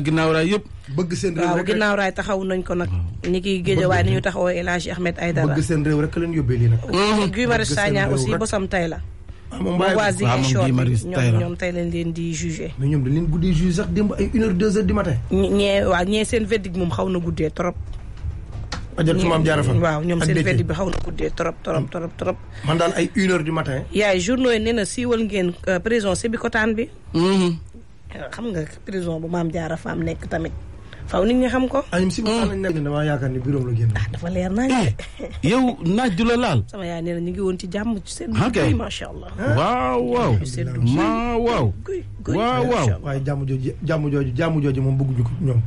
ginnaaw raay yëpp. bëgg seen réew waaw ginnaaw taxaw nañ ko nag. ñi ki géejewaay ni ñu taxawoo El Hadj Ahmed Aïdara. bëgg seen réew rek leen yóbbee lii nag. Guy Marius Sagna aussi bosam tey la. Ah, waa ñoom seen verdict moom xaw na guddee trop. ajal su ma am jaara fa na guddee trop trop trop trop. man daal ay une heure du matin. yaay journaux yi nee na ngeen euh, prison Sébikotane bi. Mm-hmm. xam nga prison bu maam jaara faam nekk tamit faw nit ñi xam ko. ayim si waxtaan nañ ne damaa yaakaar ni bureau la génn. ah dafa leer naa eh, yow naaj du la laal. sama yaay nee na ñu ngi woon ci jàmm ci seen. Ah, ok guy macha allah. Ah. waaw waaw. ma waaw. waaye jàmm jooju jàmm jooju jàmm jooju moom bëgguñu ko ñoom.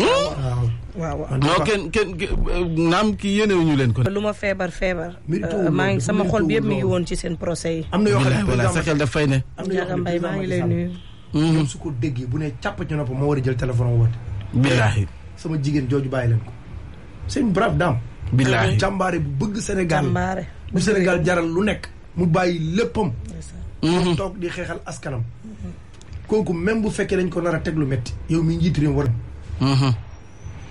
Hmm? waaw waaw waaw. non kenn kenn naam ki yéenewuñu leen ko. lu ma feebar feebar. Euh, maa ngi sama xol bi yëpp mi ngi woon ci seen procès yi. am na yoo xam ne sa xel daf fay ne. Ndiaga Mbaye maa ngi lay nuyu. Mm-hmm. ñoom su ko déggee bu nee càpp ci noppam moo war a jël téléphone woote. billaahi sama jigéen jooju bàyyi leen ko. c'est une brave dame. jàmbaare bu bëgg Sénégal. jàmbaare bu Sénégal jaral lu nekk. mu bàyyi léppam. Mm-hmm. mu toog di xeexal askanam. kooku même bu fekkee dañ ko nar a teglu lu métti. yow mi njiit réew war mm-hmm.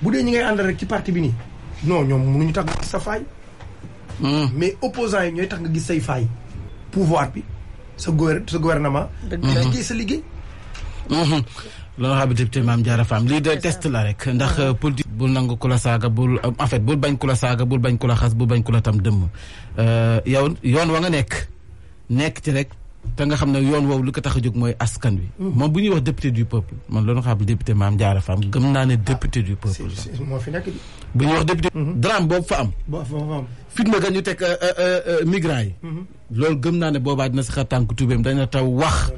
bu dee ñi ngay àndal rek ci parti bi nii. non ñoom ñu tax nga gis sa faay. mais opposants yi ñooy tax nga gis say faay. pouvoir bi sa gouver sa gouvernement. dëgg sa liggéey. Mhm. loolu xam député Mame Diarra Fam lii de test la rek ndax politique bul nangu ku la saaga bul en fait bul bañ ku la saaga bul bañ ku la xas bul bañ ku la tam dëmm euh, yow yoon wa nga nekk nekk ci rek te nga xam ne yoon woowu lu ko tax a jóg mooy askan wi. Mhm. moom bu ñuy wax député du peuple man loolu xam député maam Diarra Fam gëm naa ne ah. député du peuple. moo fi nekk bu ñuy wax député. Mhm. drame boobu fa am. boobu fitna ga ñu teg euh, euh, euh, migrants yi. Mm-hmm. loolu gëm naa ne boobaa dina si xar tànk tuubeem dana taw wax.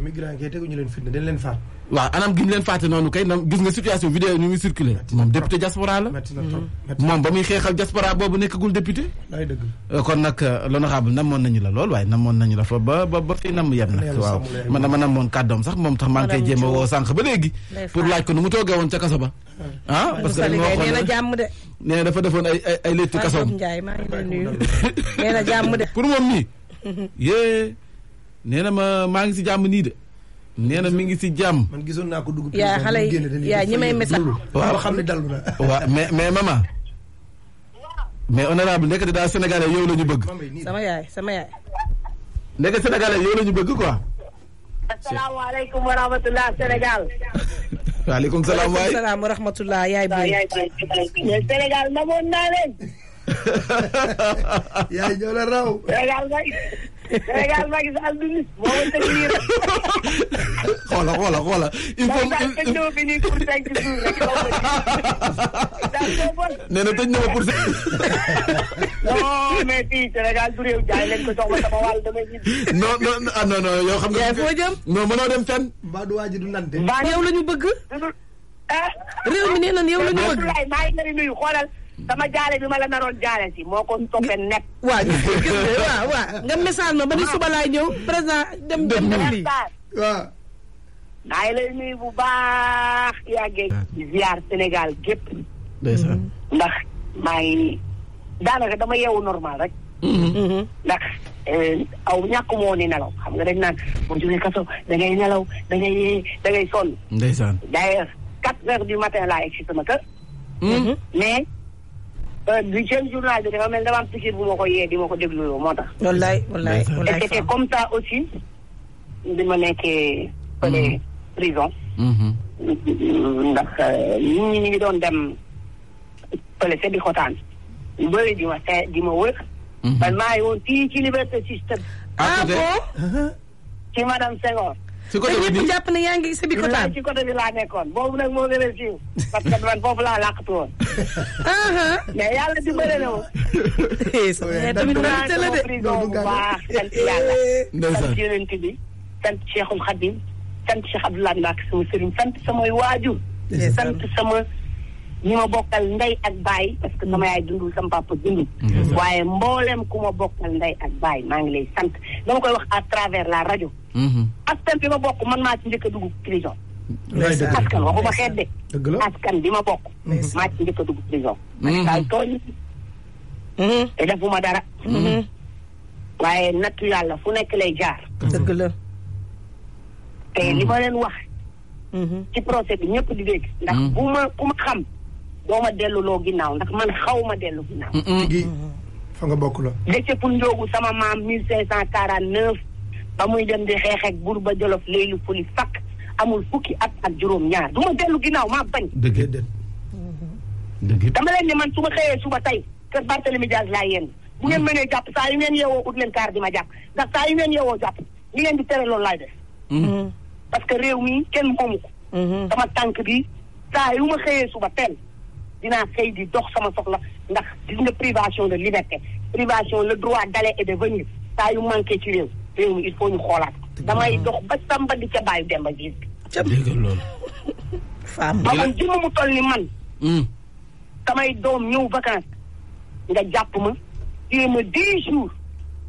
waaw anam gi leen faate noonu kay gis nga situation vidéo ñu ngi circulé moom député diaspora la mm-hmm. moom ba muy xeexal diaspora boobu nekkagul député kon nag l'honorable namoon nañu la lool waaye namoon nañu la fa ba ba ba fii nam yem nag waaw man ma namoon kàddoom sax moom tax maa ngi koy jéem a woo sànq ba léegi pour laaj ko nu mu toogee woon ca kaso nee na dafa defoon ay ay ay léttu maa ngi lay nuyu nee na jàmm de. pour moom nii. yee nee na ma maa ngi si jàmm nii de. nee na mi ngi si jàmm. man gisoon naa ko dugub. yaa xale yi yaa ñi may message. waaw xam ne dalu na. waaw mais mais maman. mais honorable nekk daa sénégalais yow la bëgg. sama yaay sama yaay. nekk sénégalais yow la bëgg ko asalaamaaleykum wa rahmatulah Sénégal. waaleykum salaam waay waaleykum salaam wa rahmatulah yaay booy. mais Sénégal namoon naa leen. yaay ñoo la raw. Sénégal nag Sénégal maa ngi sa ànd ni. moo ma tëj lii rek. xoola xoola xoola. il faut que nee na tëj na ma pour. non mais fii Sénégal réew jaay leen ko jox ma sama wàll damay ah, xam nga. yaa foo jëm. non mënoo dem fenn. mbaa du la ñu bëgg. réew mi nee nan yow la ñu bëgg. Ah. maa jaale bi ma la naroon jaale si moo ko soppe nekk. waaw gis nga waaw ma ba ni suba laay ñëw président dem dem dem lii waaw. maa ngi lay nuyu bu baax yàggee ah. ziar ndeysaan ndax maa ngi daanaka dama yeewu normal rek. ndax aw ñàkk moo ni nelaw xam nga dañ naan boo jógee kaso da nelaw da ngay yee da ngay sonn. ndeysaan d'ailleurs quatre heures du matin laa egg si sama mais mais deuxième journal bi dafa mel dafa am piqûre bu ma ko yee di ma ko dégluloo moo tax. wallaay wallaay wallaay et c'était comme aussi bi ma nekkee fële prison. ndax nit ñi ñu ngi doon dem. pële di xotaan ñu bëri di ma see di ma wër. Mhm. man maa ngi woon fii ci liberté système. Ah, ah, uh-huh. ci madame Senghor. ci côté bi na yaa ngi sa bi kotaan ci côté bi laa nekkoon boobu nag moo gën a siiw parce que man foofu laa làqatu woon. Uh-huh. mais yàlla dimbale na woon. Eh, mais tamit naa la de prison bu baax sant yàlla. Eh, sant yonent bi sant Cheikhul Khadim sant Cheikh Abdoulaye Mbacké sama sëriñ sant samay waajur. sant sama. ñi ma bokkal ndey ak baay parce que sama ay dundul sama papa dundul waaye mbooleem ku ma bokkal ndey ak baay maa ngi lay sant dama koy wax a travers la rajo mm-hmm. askan bi ma bokk man maa ci njëkk a dugg prison askan waxuma xeet de askan bi ma bokk maa ci njëkk a dugg prison mm-hmm. daal tooñ mm-hmm. te defuma dara waaye nattu yàlla fu nekk lay jaar dëgg te li ma leen wax ci procès bi ñëpp di dégg ndax bu ma ku ma xam doo ma delluloo ginnaaw ndax man xaw ma dellu ginnaaw. gi fa nga bokk la. dëcc pour njóogu sama maam 1549 ba muy dem di xeex ak buur ba jolof léegi fuli fakk amul fukki at ak juróom-ñaar du ma dellu ginnaaw maa bañ. dëgg dëgg dama leen ni man su ma xëyee suba tey kër Barthélemy Diaz laa yenn bu ngeen mënee jàpp saa yu ngeen yeewoo ut leen kaar di ma jàpp ndax saa yu ngeen yeewoo jàpp li ngeen di tere loolu laay def. Mm-hmm. parce que réew mi kenn moomu ko. Mm-hmm. sama tànk bi saa yu ma xëyee suba teel dinaa xëy di dox sama soxla ndax di nga privation de liberté privation le droit d'aller et de venir saa yu manqué ci réew réew mi il faut ñu xoolaat damay dox ba samba di ca baayu demba gis dégg loolu femme ba man mu toll ni man hmm. samay doom ñëw vacances nga jàpp ma téye ma dix jours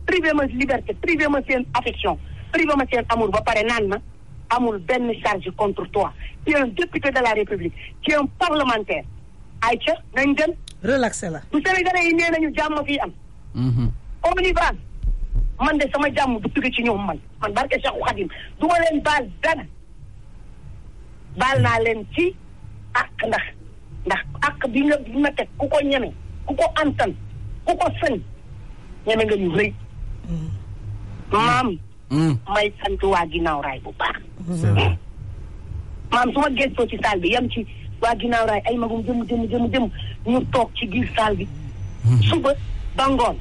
privé ma liberté privé ma seen affection privé ma sen amour ba pare naan ma amul benn charge contre toit tu es de la république tu es parlementaire ay ca nañ dem. relaxé la. bu Sénégalais yi nee nañu jàmm fii am. on y va man de sama jàmm du tukkee ci ñoom man man barke Cheikh Khadim du ma leen baal dara baal naa leen ci ak ndax ndax ak bi nga bi kuko teg ku ko ñeme ko antan ku ko sën ñeme nga ñu mm. Mm. may sant waa ginnaaw raay bu baax. maam su ma gëstoo ci saal bi yam ci. waa ginnaaw raay ay magum jëm jëm jëm jëm ñu toog ci biir saal bi. Mhm. suba ba ngoon.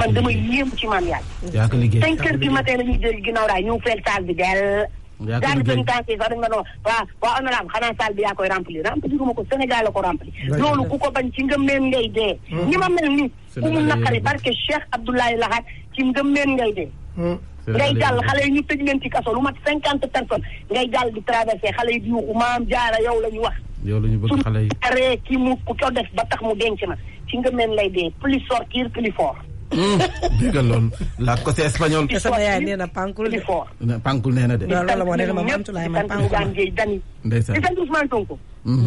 man dama yéem ci maam yàlla. yaa ko liggéey cinq heures du matin la ñuy jël ginnaaw raay ñu bi dell. yaa ko liggéey sax dañ nga doon waa waa honorable xanaa saal bi yaa koy remplir remplir ko Sénégal la ko remplir. loolu ku ko bañ ci ngëmmeen ngay dee. ñi mhm. ma mel nii. ku mu naqari barke Cheikh Abdoulaye Lahat ci ngëmmeen ngay dee. Mhm. ngay jàll xale yi ñu tëj leen ci kaso lu mat cinquante personnes ngay jàll di traversé xale yi di yuuxu maam jaara yow la ñu wax yow la ñu bëgg xale yi aree ki mu ku ko def ba tax mu denc na ci nga meen lay dee plus sortir plus fort hmm, dégg nga loolu la côté espagnol sama yaay nee na pankul plus fort pankul de loolu moo ne ma mamtulaay ma pankul daan jéy dani ndeysaan di sant Ousmane Sonko Sénégal hmm.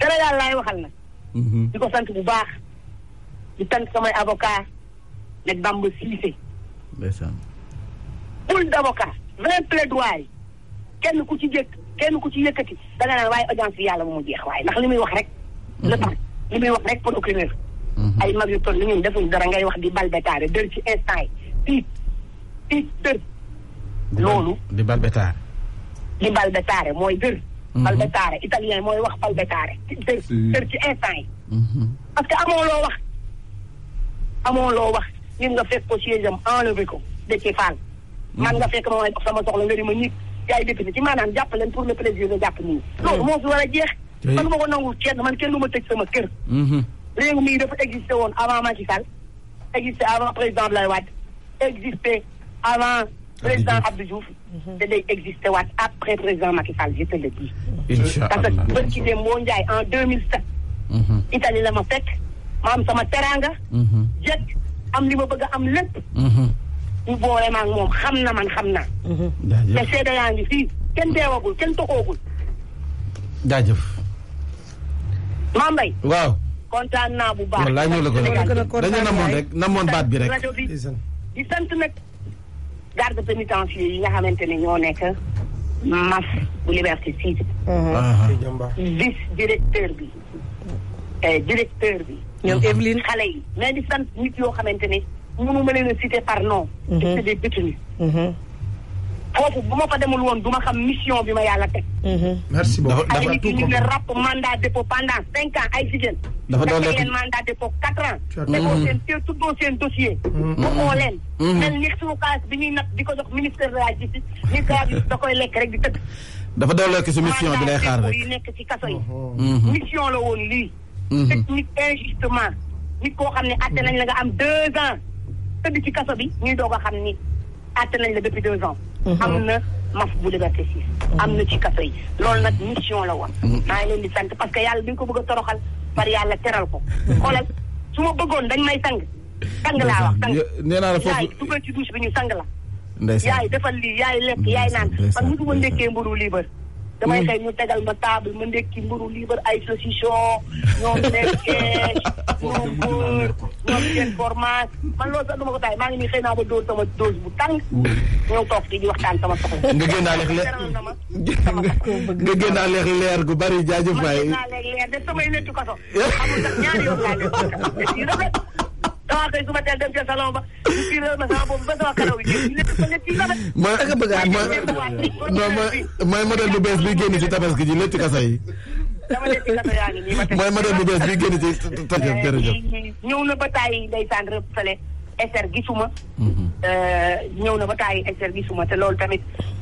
hmm. laay waxal nag di ko sant bu baax di sant samay avocat nekk Bamba Cissé ndeysaan poule d' avocat vingt plaidoyer kenn ku ci jëkk kenn ko ci yëkkati da naan waaye audience bi yàlla mu jeex waaye ndax li muy wax rek. Mhm. le temps li muy wax rek pour procureur. Mhm. ay mag yu toll ñun defuñ dara ngay wax di balbetaare dër ci instant yi tiit tiit dër. loolu di balbetaare. di balbetaare mooy dër. Mhm. balbetaare italien mooy wax balbetaare. dër dër ci instant yi. parce que amoo loo wax. amoo loo wax nit nga fekk ko siège am enlevé ko de ci faal. man nga fekk ma sama soxla nga di ma ñib. yaay député ci maanaam jàpp leen pour le plaisir de jàpp nii eh. loolu moo fi a jeex man ma ko nangul kenn man kenn du ma tëj sama kër mhm. réew mii dafa existé woon avant Macky Sall existé avant président Abdoulaye Wade existé avant président Abdou Diouf te day existé waat après président Macky Sall je te le dis parce que bët ki dem moo njaay en deux mille sept mhm. Italie la ma fekk ma am sama teranga mhm. am li ma bëgg a am lépp mu boole maag moom xam na man xam na mhm. jaajëf te seede yaa ngi fii kenn kontaan naa bu baax. la ko dañu namoon rek baat bi rek. rajo bi sant nag. garde pénitentiaire yi nga xamante ne ñoo nekk mas bu liberté six. Mhm. directeur bi. Eh, directeur bi. ñoom Evelyne xale yi mais di sant nit yoo xamante ne. mënuma leen a citer par nom. Mhm. c'est des détenus. Mhm. foofu bu ma fa demul woon du ma xam mission bi ma yàlla teg. Mhm. merci beaucoup dafa dafa tout ñu ne rap mandat dépôt pendant cinq ans ay jigéen. dafa doon leen mandat dépôt quatre ans. defoo seen te tuddoo seen dossier. bokkoo leen. mel ni suñu bi ñuy nag di ko jox ministère de la justice ni kaas bi da koy lekk rek di tëdd. dafa doon lekk si mission bi lay xaar rek mandat dépôt yi nekk ci kaso yi. mission la woon lii. technique injustement nit koo xam ne atte am deux ans. tëdd ci kaso bi ñuy doog a xam ni àtte nañ la depuis deux ans. Mhm. am na mas bu liberté six mhm. am na ci kaso yi loolu nag mission la woon. Mhm. maa ngi di sant parce que yàlla duñ ko bëgg a toroxal par yàlla teral ko. xoolal su ma bëggoon dañ may sang. sang laa wax sang nee naa la foofu yaay dugal ci douche bi ñu sang la. ndeysaan yaay defal lii yaay lekk yaay naan man mu duma ndekkee mburu liibar damay mm. xëy ñu tegal ma table ma ndekki mburu liibar ay saucisson ñoom nekkee ñoom beurre ñoom seen fromage man loolu sax du ko taay maa ngi nii xëy naa ba dóor sama dose bu tàng. ñëw toog fii di nga génnaaleeg leer leer gu bari jaajëf waay. man génnaaleeg leer de samay nettu kaso. amul sax ñaari yoon laa leen bees bi génn ci tabaski ji létti kaso yi. mooy madame bu bees bi génn ci eh, jërëjëf jërëjëf ñëw na ba tàyyi ndeysaan rëbb fële SR gisuma mhm. eh, ñëw na ba tàyyi SR gisuma te loolu tamit